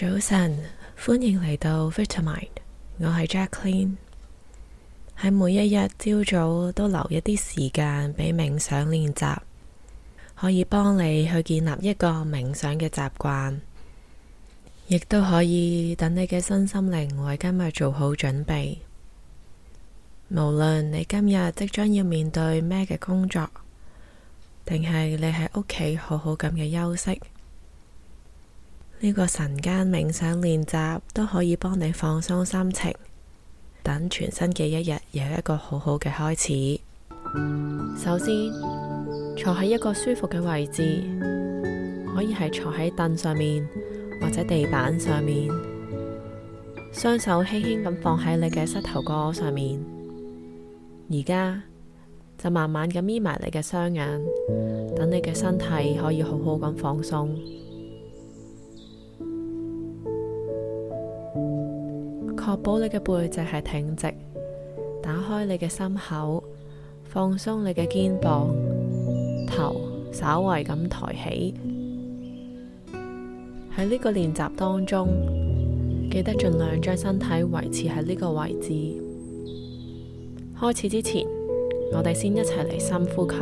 早晨，歡迎嚟到 Vitamin，我係 Jaclyn。喺每一日朝早都留一啲時間俾冥想練習，可以幫你去建立一個冥想嘅習慣，亦都可以等你嘅身心靈為今日做好準備。無論你今日即將要面對咩嘅工作，定係你喺屋企好好咁嘅休息。呢個晨間冥想練習都可以幫你放鬆心情，等全新嘅一日有一個好好嘅開始。首先，坐喺一個舒服嘅位置，可以係坐喺凳上面或者地板上面，雙手輕輕咁放喺你嘅膝頭哥上面。而家就慢慢咁眯埋你嘅雙眼，等你嘅身體可以好好咁放鬆。確保你嘅背脊係挺直，打開你嘅心口，放鬆你嘅肩膀，頭稍微咁抬起。喺呢個練習當中，記得盡量將身體維持喺呢個位置。開始之前，我哋先一齊嚟深呼吸，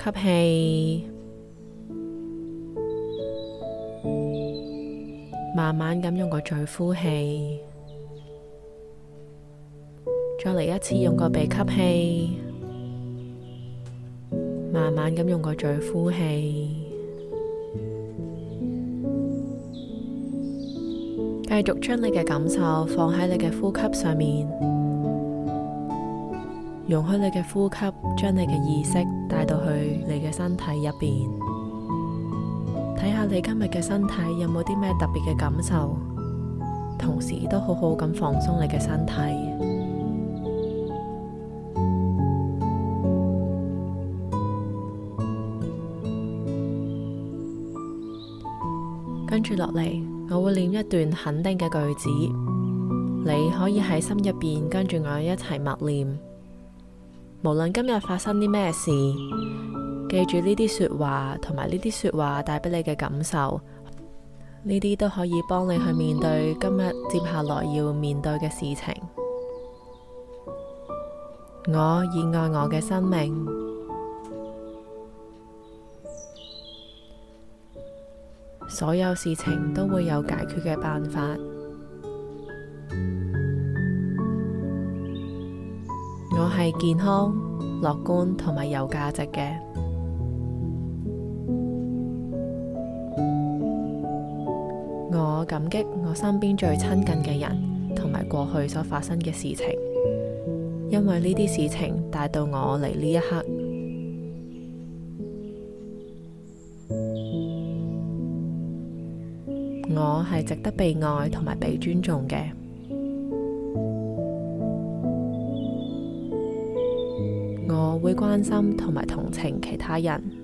吸氣。慢慢咁用個嘴呼氣，再嚟一次，用個鼻吸氣，慢慢咁用個嘴呼氣。繼續將你嘅感受放喺你嘅呼吸上面，用開你嘅呼吸將你嘅意識帶到去你嘅身體入邊。你今日嘅身體有冇啲咩特別嘅感受？同時都好好咁放鬆你嘅身體。跟住落嚟，我會念一段肯定嘅句子，你可以喺心入邊跟住我一齊默念。無論今日發生啲咩事。記住呢啲說話，同埋呢啲說話帶俾你嘅感受，呢啲都可以幫你去面對今日接下來要面對嘅事情。我熱愛我嘅生命，所有事情都會有解決嘅辦法。我係健康、樂觀同埋有價值嘅。感激我身邊最親近嘅人，同埋過去所發生嘅事情，因為呢啲事情帶到我嚟呢一刻，我係值得被愛同埋被尊重嘅，我會關心同埋同情其他人。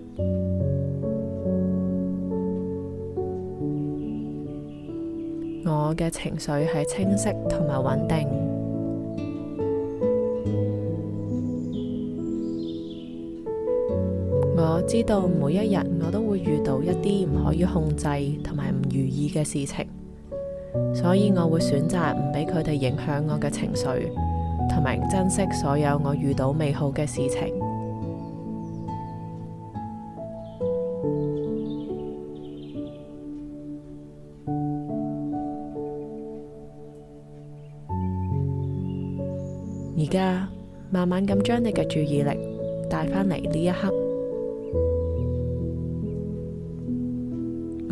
我嘅情緒係清晰同埋穩定。我知道每一日我都會遇到一啲唔可以控制同埋唔如意嘅事情，所以我會選擇唔俾佢哋影響我嘅情緒，同埋珍惜所有我遇到美好嘅事情。而家慢慢咁將你嘅注意力帶返嚟呢一刻，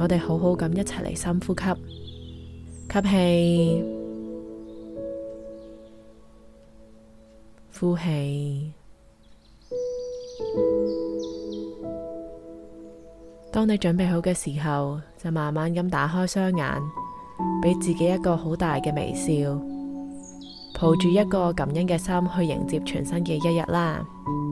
我哋好好咁一齊嚟深呼吸，吸氣，呼氣。當你準備好嘅時候，就慢慢咁打開雙眼，俾自己一個好大嘅微笑。抱住一個感恩嘅心去迎接全新嘅一日啦～